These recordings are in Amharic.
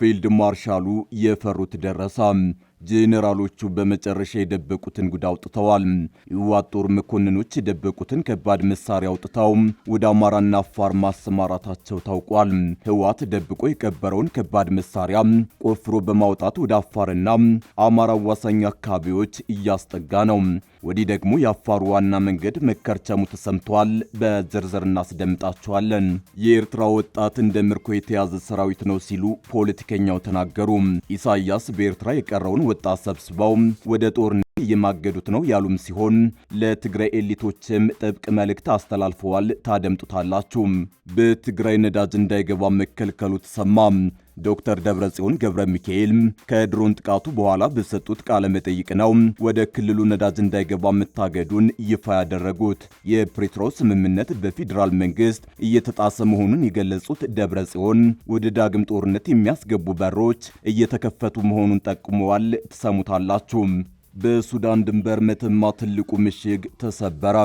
ፊልድ ማርሻሉ የፈሩት ደረሰ። ጄኔራሎቹ በመጨረሻ የደበቁትን ጉድ አውጥተዋል። የህወሓት ጦር መኮንኖች የደበቁትን ከባድ መሳሪያ አውጥተው ወደ አማራና አፋር ማሰማራታቸው ታውቋል። ህወሓት ደብቆ የቀበረውን ከባድ መሳሪያ ቆፍሮ በማውጣት ወደ አፋርና አማራ አዋሳኝ አካባቢዎች እያስጠጋ ነው። ወዲህ ደግሞ የአፋሩ ዋና መንገድ መከርቸሙ ተሰምቷል። በዝርዝር እናስደምጣቸዋለን። የኤርትራ ወጣት እንደ ምርኮ የተያዘ ሰራዊት ነው ሲሉ ፖለቲከኛው ተናገሩ። ኢሳያስ በኤርትራ የቀረውን ወጣት ሰብስበው ወደ ጦርነት የማገዱት ነው ያሉም ሲሆን ለትግራይ ኤሊቶችም ጥብቅ መልእክት አስተላልፈዋል። ታደምጡታላችሁ። በትግራይ ነዳጅ እንዳይገባ መከልከሉ ተሰማ። ዶክተር ደብረጽዮን ገብረ ሚካኤል ከድሮን ጥቃቱ በኋላ በሰጡት ቃለ መጠይቅ ነው ወደ ክልሉ ነዳጅ እንዳይገባ መታገዱን ይፋ ያደረጉት። የፕሪቶሪያው ስምምነት በፌዴራል መንግስት እየተጣሰ መሆኑን የገለጹት ደብረ ወደ ዳግም ጦርነት የሚያስገቡ በሮች እየተከፈቱ መሆኑን ጠቁመዋል። ትሰሙታላችሁ። በሱዳን ድንበር መተማ ትልቁ ምሽግ ተሰበረ።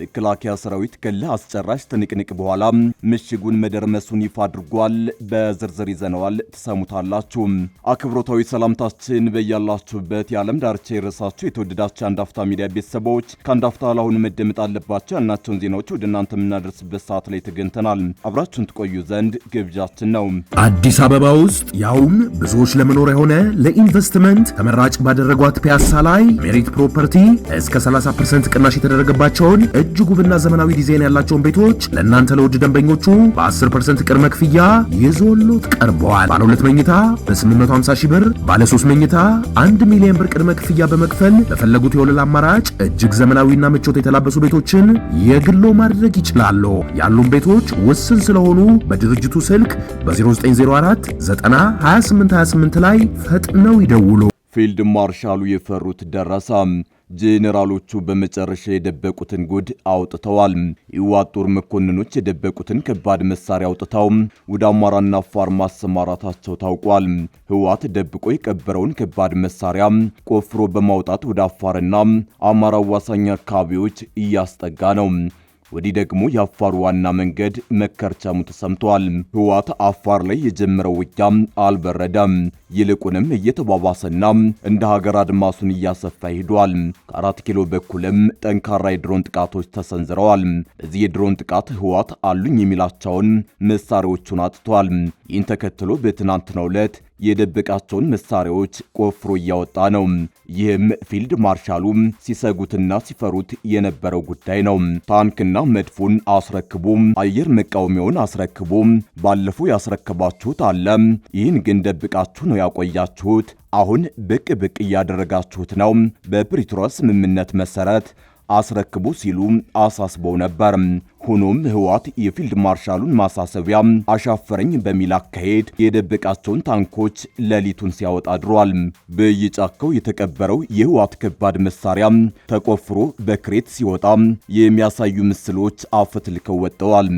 መከላከያ ሰራዊት ከለ አስጨራሽ ትንቅንቅ በኋላ ምሽጉን መደርመሱን ይፋ አድርጓል። በዝርዝር ይዘነዋል፣ ትሰሙታላችሁ። አክብሮታዊ ሰላምታችን በያላችሁበት የዓለም ዳርቻ የረሳችሁ የተወደዳችሁ የአንዳፍታ ሚዲያ ቤተሰቦች ከአንዳፍታ አፍታ ለአሁኑ መደመጥ አለባቸው ያልናቸውን ዜናዎች ወደ እናንተ የምናደርስበት ሰዓት ላይ ተገኝተናል። አብራችሁን ትቆዩ ዘንድ ግብዣችን ነው። አዲስ አበባ ውስጥ ያውም ብዙዎች ለመኖር የሆነ ለኢንቨስትመንት ተመራጭ ባደረጓት ፒያሳ ላይ ላይ ሜሪት ፕሮፐርቲ እስከ 30% ቅናሽ የተደረገባቸውን እጅግ ውብና ዘመናዊ ዲዛይን ያላቸውን ቤቶች ለእናንተ ለውድ ደንበኞቹ በ10% ቅድመ ክፍያ ይዞሎት ቀርበዋል። ባለ ሁለት መኝታ በ850 ሺህ ብር፣ ባለ ሶስት መኝታ 1 ሚሊዮን ብር ቅድመ ክፍያ በመክፈል ለፈለጉት የወለል አማራጭ እጅግ ዘመናዊና ምቾት የተላበሱ ቤቶችን የግሎ ማድረግ ይችላሉ። ያሉን ቤቶች ውስን ስለሆኑ በድርጅቱ ስልክ በ0904 9 28 28 ላይ ፈጥነው ይደውሉ። ፊልድ ማርሻሉ የፈሩት ደረሰ። ጄኔራሎቹ በመጨረሻ የደበቁትን ጉድ አውጥተዋል። የህወሓት ጦር መኮንኖች የደበቁትን ከባድ መሳሪያ አውጥተው ወደ አማራና አፋር ማሰማራታቸው ታውቋል። ህወሓት ደብቆ የቀበረውን ከባድ መሳሪያ ቆፍሮ በማውጣት ወደ አፋርና አማራ አዋሳኝ አካባቢዎች እያስጠጋ ነው። ወዲህ ደግሞ የአፋር ዋና መንገድ መከርቸሙ ተሰምቷል። ህወሓት አፋር ላይ የጀመረው ውጊያ አልበረደም፣ ይልቁንም እየተባባሰና እንደ ሀገር አድማሱን እያሰፋ ሄዷል። ከአራት ኪሎ በኩልም ጠንካራ የድሮን ጥቃቶች ተሰንዝረዋል። በዚህ የድሮን ጥቃት ህወሓት አሉኝ የሚላቸውን መሳሪያዎቹን አጥቷል። ይህን ተከትሎ በትናንትናው ዕለት የደበቃቸውን መሳሪያዎች ቆፍሮ እያወጣ ነው። ይህም ፊልድ ማርሻሉ ሲሰጉትና ሲፈሩት የነበረው ጉዳይ ነው። ታንክና መድፉን አስረክቡ አየር መቃወሚያውን አስረክቦ ባለፉ ያስረከባችሁት አለ፣ ይህን ግን ደብቃችሁ ነው ያቆያችሁት። አሁን ብቅ ብቅ እያደረጋችሁት ነው። በፕሪቶሪያ ስምምነት መሰረት አስረክቡ ሲሉ አሳስበው ነበር። ሆኖም ህወሓት የፊልድ ማርሻሉን ማሳሰቢያ አሻፈረኝ በሚል አካሄድ የደበቃቸውን ታንኮች ሌሊቱን ሲያወጣ አድሯል። በየጫካው የተቀበረው የህወሓት ከባድ መሳሪያ ተቆፍሮ በክሬት ሲወጣ የሚያሳዩ ምስሎች አፈትልከው ወጥተዋል።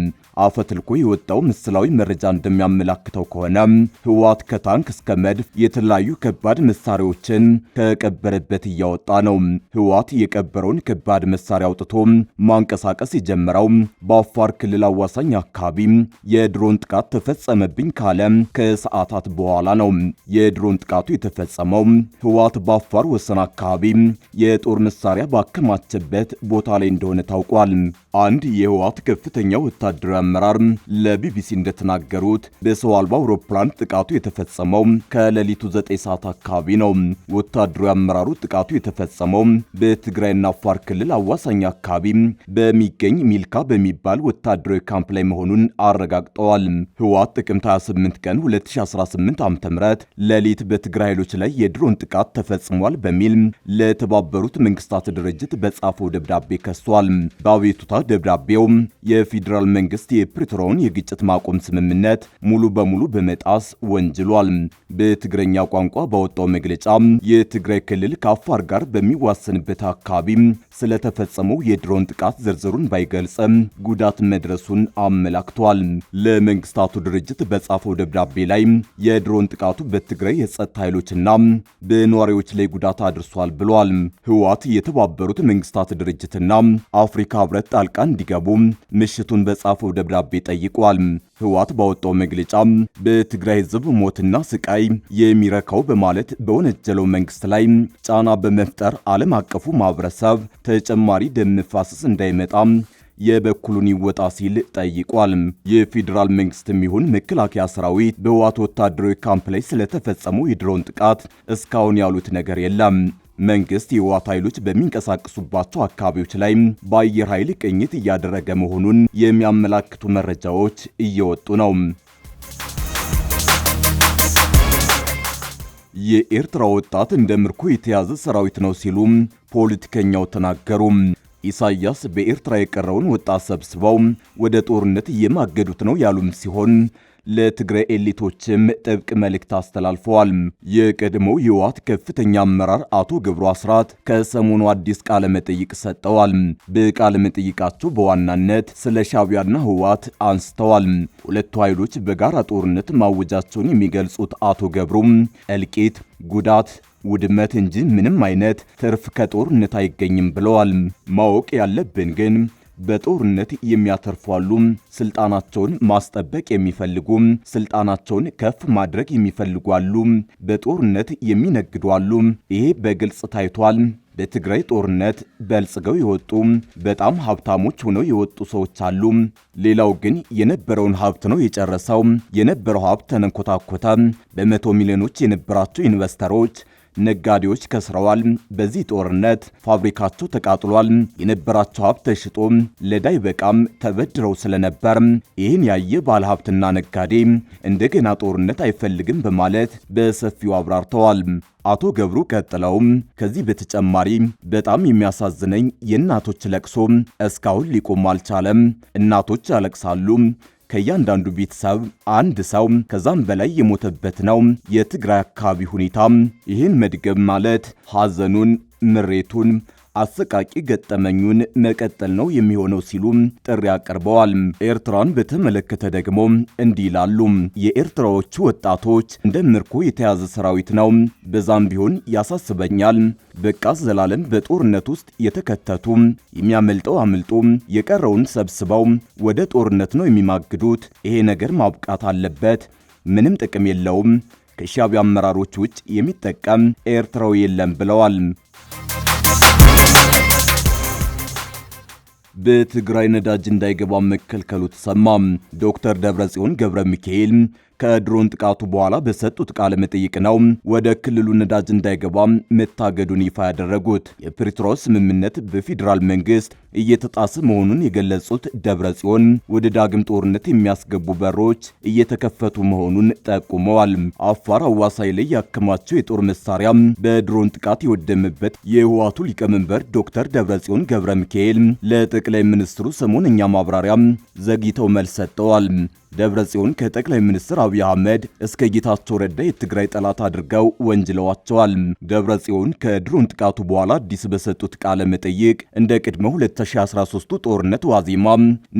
አፈትልኮ የወጣው ምስላዊ መረጃ እንደሚያመላክተው ከሆነ ህወሓት ከታንክ እስከ መድፍ የተለያዩ ከባድ መሳሪያዎችን ከቀበረበት እያወጣ ነው። ህወሓት የቀበረውን ከባድ መሳሪያ አውጥቶ ማንቀሳቀስ የጀመረው በአፋር ክልል አዋሳኝ አካባቢ የድሮን ጥቃት ተፈጸመብኝ ካለ ከሰዓታት በኋላ ነው። የድሮን ጥቃቱ የተፈጸመው ህወሓት በአፋር ወሰን አካባቢ የጦር መሳሪያ ባከማቸበት ቦታ ላይ እንደሆነ ታውቋል። አንድ የህወሓት ከፍተኛ ወታደራዊ አመራር ለቢቢሲ እንደተናገሩት በሰው አልባ አውሮፕላን ጥቃቱ የተፈጸመው ከሌሊቱ 9 ሰዓት አካባቢ ነው። ወታደሩ አመራሩ ጥቃቱ የተፈጸመው በትግራይና አፋር ክልል አዋሳኝ አካባቢ በሚገኝ ሚልካ በሚባል ወታደራዊ ካምፕ ላይ መሆኑን አረጋግጠዋል። ህወሓት ጥቅምት 28 ቀን 2018 ዓ.ም ሌሊት በትግራይ ኃይሎች ላይ የድሮን ጥቃት ተፈጽሟል በሚል ለተባበሩት መንግስታት ድርጅት በጻፈው ደብዳቤ ከሷል። በአቤቱታ ደብዳቤው የፌዴራል መንግስት የፕሪቶሪያውን የግጭት ማቆም ስምምነት ሙሉ በሙሉ በመጣስ ወንጅሏል። በትግረኛ ቋንቋ ባወጣው መግለጫ የትግራይ ክልል ከአፋር ጋር በሚዋሰንበት አካባቢ ስለተፈጸመው የድሮን ጥቃት ዝርዝሩን ባይገልጽም ጉዳት መድረሱን አመላክቷል። ለመንግስታቱ ድርጅት በጻፈው ደብዳቤ ላይ የድሮን ጥቃቱ በትግራይ የጸጥታ ኃይሎችና በነዋሪዎች ላይ ጉዳት አድርሷል ብሏል። ህወሓት የተባበሩት መንግስታት ድርጅትና አፍሪካ ህብረት ጣልቃ እንዲገቡ ምሽቱን በጻፈው ደብዳቤ ጠይቋል። ህወሓት ባወጣው መግለጫ በትግራይ ህዝብ ሞትና ስቃይ የሚረካው በማለት በወነጀለው መንግስት ላይ ጫና በመፍጠር ዓለም አቀፉ ማህበረሰብ ተጨማሪ ደም መፋሰስ እንዳይመጣ የበኩሉን ይወጣ ሲል ጠይቋል። የፌዴራል መንግስት የሚሆን መከላከያ ሰራዊት በህወሓት ወታደራዊ ካምፕ ላይ ስለተፈጸመው የድሮን ጥቃት እስካሁን ያሉት ነገር የለም። መንግስት የህወሓት ኃይሎች በሚንቀሳቀሱባቸው አካባቢዎች ላይ በአየር ኃይል ቅኝት እያደረገ መሆኑን የሚያመላክቱ መረጃዎች እየወጡ ነው። የኤርትራ ወጣት እንደ ምርኮ የተያዘ ሰራዊት ነው ሲሉ ፖለቲከኛው ተናገሩ። ኢሳያስ በኤርትራ የቀረውን ወጣት ሰብስበው ወደ ጦርነት እየማገዱት ነው ያሉም ሲሆን ለትግራይ ኤሊቶችም ጥብቅ መልእክት አስተላልፈዋል። የቀድሞው የህወሓት ከፍተኛ አመራር አቶ ገብሩ አስራት ከሰሞኑ አዲስ ቃለ መጠይቅ ሰጠዋል። በቃለ መጠይቃቸው በዋናነት ስለ ሻቢያና ህወሓት አንስተዋል። ሁለቱ ኃይሎች በጋራ ጦርነት ማወጃቸውን የሚገልጹት አቶ ገብሩም እልቂት፣ ጉዳት ውድመት እንጂ ምንም አይነት ትርፍ ከጦርነት አይገኝም ብለዋል። ማወቅ ያለብን ግን በጦርነት የሚያተርፏሉ ስልጣናቸውን ማስጠበቅ የሚፈልጉ፣ ስልጣናቸውን ከፍ ማድረግ የሚፈልጓሉ፣ በጦርነት የሚነግዷሉ። ይሄ በግልጽ ታይቷል። በትግራይ ጦርነት በልጽገው የወጡ በጣም ሀብታሞች ሆነው የወጡ ሰዎች አሉ። ሌላው ግን የነበረውን ሀብት ነው የጨረሰው። የነበረው ሀብት ተነኮታኮተ በመቶ ሚሊዮኖች የነበራቸው ኢንቨስተሮች ነጋዴዎች ከስረዋል። በዚህ ጦርነት ፋብሪካቸው ተቃጥሏል። የነበራቸው ሀብት ተሽጦ ለዳይ በቃም ተበድረው ስለነበር ይህን ያየ ባለሀብትና ነጋዴ እንደገና ጦርነት አይፈልግም በማለት በሰፊው አብራርተዋል። አቶ ገብሩ ቀጥለውም ከዚህ በተጨማሪ በጣም የሚያሳዝነኝ የእናቶች ለቅሶ እስካሁን ሊቆም አልቻለም። እናቶች ያለቅሳሉ ከእያንዳንዱ ቤተሰብ አንድ ሰው ከዛም በላይ የሞተበት ነው የትግራይ አካባቢ ሁኔታ። ይህን መድገም ማለት ሐዘኑን፣ ምሬቱን አሰቃቂ ገጠመኙን መቀጠል ነው የሚሆነው ሲሉ ጥሪ አቅርበዋል። ኤርትራን በተመለከተ ደግሞ እንዲህ ይላሉ። የኤርትራዎቹ ወጣቶች እንደ ምርኮ የተያዘ ሰራዊት ነው። በዛም ቢሆን ያሳስበኛል። በቃ ዘላለም በጦርነት ውስጥ የተከተቱ የሚያመልጠው አምልጦ የቀረውን ሰብስበው ወደ ጦርነት ነው የሚማግዱት። ይሄ ነገር ማብቃት አለበት። ምንም ጥቅም የለውም። ከሻቢያ አመራሮች ውጭ የሚጠቀም ኤርትራዊ የለም ብለዋል። በትግራይ ነዳጅ እንዳይገባ መከልከሉ ተሰማ። ዶክተር ደብረጽዮን ገብረ ሚካኤል ከድሮን ጥቃቱ በኋላ በሰጡት ቃለ መጠይቅ ነው ወደ ክልሉ ነዳጅ እንዳይገባ መታገዱን ይፋ ያደረጉት። የፕሪቶሪያው ስምምነት በፌዴራል መንግስት እየተጣሰ መሆኑን የገለጹት ደብረ ጽዮን ወደ ዳግም ጦርነት የሚያስገቡ በሮች እየተከፈቱ መሆኑን ጠቁመዋል። አፋር አዋሳኝ ላይ ያከማቸው የጦር መሳሪያ በድሮን ጥቃት የወደመበት የህወሓቱ ሊቀመንበር ዶክተር ደብረ ጽዮን ገብረ ሚካኤል ለጠቅላይ ሚኒስትሩ ሰሞነኛ ማብራሪያ ዘግይተው መልስ ሰጥተዋል። ደብረ ጽዮን ከጠቅላይ ሚኒስትር አብይ አህመድ እስከ ጌታቸው ረዳ የትግራይ ጠላት አድርገው ወንጅለዋቸዋል። ደብረ ጽዮን ከድሮን ጥቃቱ በኋላ አዲስ በሰጡት ቃለ መጠይቅ እንደ ቅድመ 2013ቱ ጦርነት ዋዜማ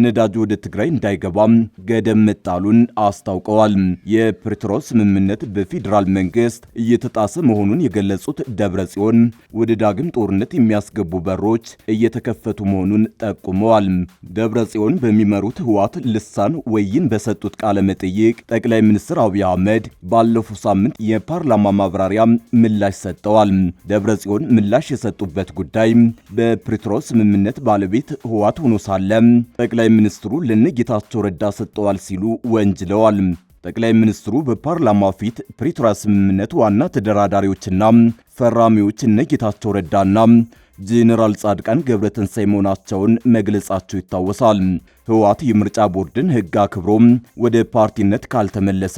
ነዳጅ ወደ ትግራይ እንዳይገባም ገደብ መጣሉን አስታውቀዋል። የፕሪቶሪያው ስምምነት በፌዴራል መንግስት እየተጣሰ መሆኑን የገለጹት ደብረ ጽዮን ወደ ዳግም ጦርነት የሚያስገቡ በሮች እየተከፈቱ መሆኑን ጠቁመዋል። ደብረ ጽዮን በሚመሩት ህወሓት ልሳን ወይን በ በሰጡት ቃለ መጠይቅ ጠቅላይ ሚኒስትር አብይ አህመድ ባለፈው ሳምንት የፓርላማ ማብራሪያ ምላሽ ሰጥተዋል። ደብረ ጽዮን ምላሽ የሰጡበት ጉዳይ በፕሪቶሪያው ስምምነት ባለቤት ህዋት ሆኖ ሳለ ጠቅላይ ሚኒስትሩ ለነጌታቸው ረዳ ሰጥተዋል ሲሉ ወንጅለዋል። ጠቅላይ ሚኒስትሩ በፓርላማ ፊት ፕሪቶሪያ ስምምነት ዋና ተደራዳሪዎችና ፈራሚዎች እነጌታቸው ረዳና ጄኔራል ጻድቃን ትንሳኤ መሆናቸውን መግለጻቸው ይታወሳል። ህወሓት የምርጫ ቦርድን ህግ አክብሮ ወደ ፓርቲነት ካልተመለሰ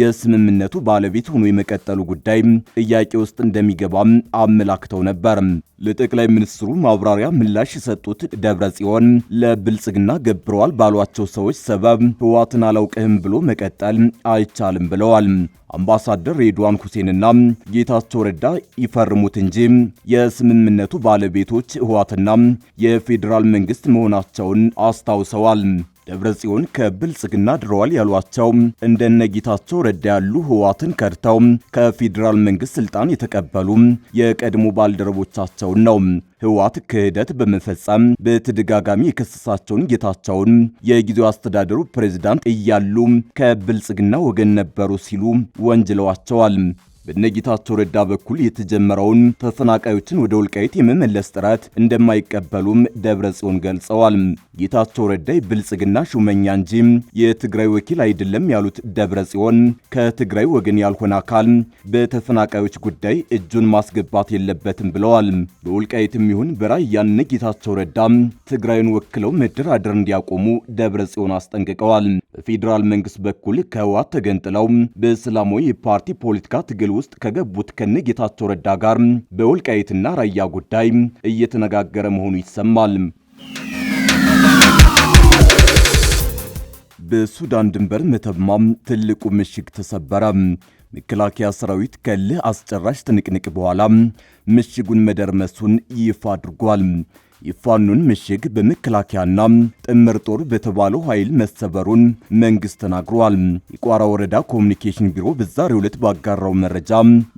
የስምምነቱ ባለቤት ሆኖ የመቀጠሉ ጉዳይ ጥያቄ ውስጥ እንደሚገባ አመላክተው ነበር። ለጠቅላይ ሚኒስትሩ ማብራሪያ ምላሽ የሰጡት ደብረ ጽዮን ለብልጽግና ገብረዋል ባሏቸው ሰዎች ሰበብ ህወሓትን አላውቅህም ብሎ መቀጠል አይቻልም ብለዋል። አምባሳደር ሬድዋን ሁሴንና ጌታቸው ረዳ ይፈርሙት እንጂ የስምምነቱ ባለቤቶች ህወሓትና የፌዴራል መንግስት መሆናቸውን አስታውሰው ተናግረዋል። ደብረ ጽዮን ከብልጽግና ድረዋል ያሏቸው እንደነ ጌታቸው ረዳ ያሉ ህዋትን ከድተው ከፌዴራል መንግስት ስልጣን የተቀበሉ የቀድሞ ባልደረቦቻቸውን ነው። ህዋት ክህደት በመፈጸም በተደጋጋሚ የከሰሳቸውን ጌታቸውን የጊዜው አስተዳደሩ ፕሬዝዳንት እያሉ ከብልጽግና ወገን ነበሩ ሲሉ ወንጅለዋቸዋል። በነጌታቸው ረዳ በኩል የተጀመረውን ተፈናቃዮችን ወደ ወልቃይት የመመለስ ጥረት እንደማይቀበሉም ደብረ ጽዮን ገልጸዋል። ጌታቸው ረዳ የብልጽግና ሹመኛ እንጂ የትግራይ ወኪል አይደለም ያሉት ደብረ ጽዮን ከትግራይ ወገን ያልሆነ አካል በተፈናቃዮች ጉዳይ እጁን ማስገባት የለበትም ብለዋል። በወልቃይትም ይሁን በራያ ጌታቸው ረዳ ትግራይን ወክለው መደራደር እንዲያቆሙ ደብረ ጽዮን አስጠንቅቀዋል። በፌዴራል መንግስት በኩል ከህወሓት ተገንጥለው በእስላማዊ የፓርቲ ፖለቲካ ትግል ውስጥ ከገቡት ከነጌታቸው ረዳ ጋር በወልቃይትና ራያ ጉዳይ እየተነጋገረ መሆኑ ይሰማል። በሱዳን ድንበር መተማ ትልቁ ምሽግ ተሰበረ። መከላከያ ሰራዊት ከልህ አስጨራሽ ትንቅንቅ በኋላ ምሽጉን መደርመሱን ይፋ አድርጓል። የፋኖን ምሽግ በመከላከያና ጥምር ጦር በተባለው ኃይል መሰበሩን መንግስት ተናግሯል። የቋራ ወረዳ ኮሚኒኬሽን ቢሮ በዛሬው ዕለት ባጋራው መረጃ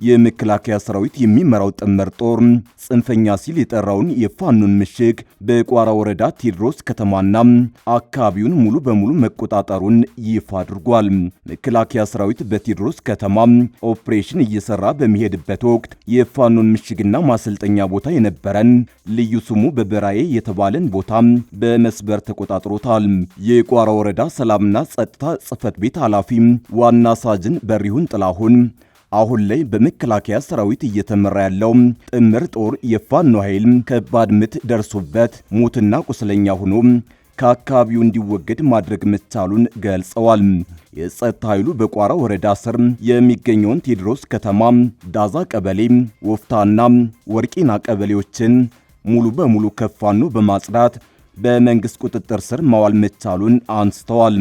የመከላከያ ሰራዊት የሚመራው ጥምር ጦር ጽንፈኛ ሲል የጠራውን የፋኖን ምሽግ በቋራ ወረዳ ቴዎድሮስ ከተማና አካባቢውን ሙሉ በሙሉ መቆጣጠሩን ይፋ አድርጓል። መከላከያ ሰራዊት በቴዎድሮስ ከተማ ኦፕሬሽን እየሰራ በሚሄድበት ወቅት የፋኖን ምሽግና ማሰልጠኛ ቦታ የነበረን ልዩ ስሙ በበ ገበራዬ የተባለን ቦታ በመስበር ተቆጣጥሮታል። የቋራ ወረዳ ሰላምና ጸጥታ ጽህፈት ቤት ኃላፊ ዋና ሳጅን በሪሁን ጥላሁን አሁን ላይ በመከላከያ ሰራዊት እየተመራ ያለው ጥምር ጦር የፋኖ ኃይል ከባድ ምት ደርሶበት ሞትና ቁስለኛ ሆኖ ከአካባቢው እንዲወገድ ማድረግ መቻሉን ገልጸዋል። የጸጥታ ኃይሉ በቋራ ወረዳ ስር የሚገኘውን ቴዎድሮስ ከተማ፣ ዳዛ ቀበሌ፣ ወፍታና ወርቂና ቀበሌዎችን ሙሉ በሙሉ ከፋኖ በማጽዳት በመንግስት ቁጥጥር ስር ማዋል መቻሉን አንስተዋል።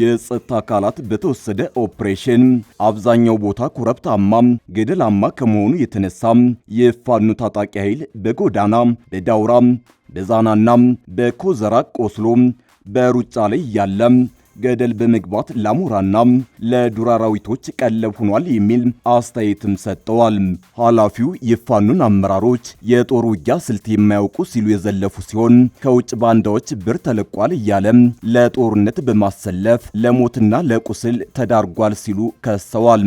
የጸጥታ አካላት በተወሰደ ኦፕሬሽን አብዛኛው ቦታ ኮረብታማ፣ ገደላማ ከመሆኑ የተነሳ የፋኖ ታጣቂ ኃይል በጎዳና በዳውራ በዛናና በኮዘራ ቆስሎ በሩጫ ላይ እያለ ገደል በመግባት ለአሞራና ለዱር አራዊቶች ቀለብ ሆኗል የሚል አስተያየትም ሰጥተዋል። ኃላፊው የፋኑን አመራሮች የጦር ውጊያ ስልት የማያውቁ ሲሉ የዘለፉ ሲሆን ከውጭ ባንዳዎች ብር ተለቋል እያለ ለጦርነት በማሰለፍ ለሞትና ለቁስል ተዳርጓል ሲሉ ከሰዋል።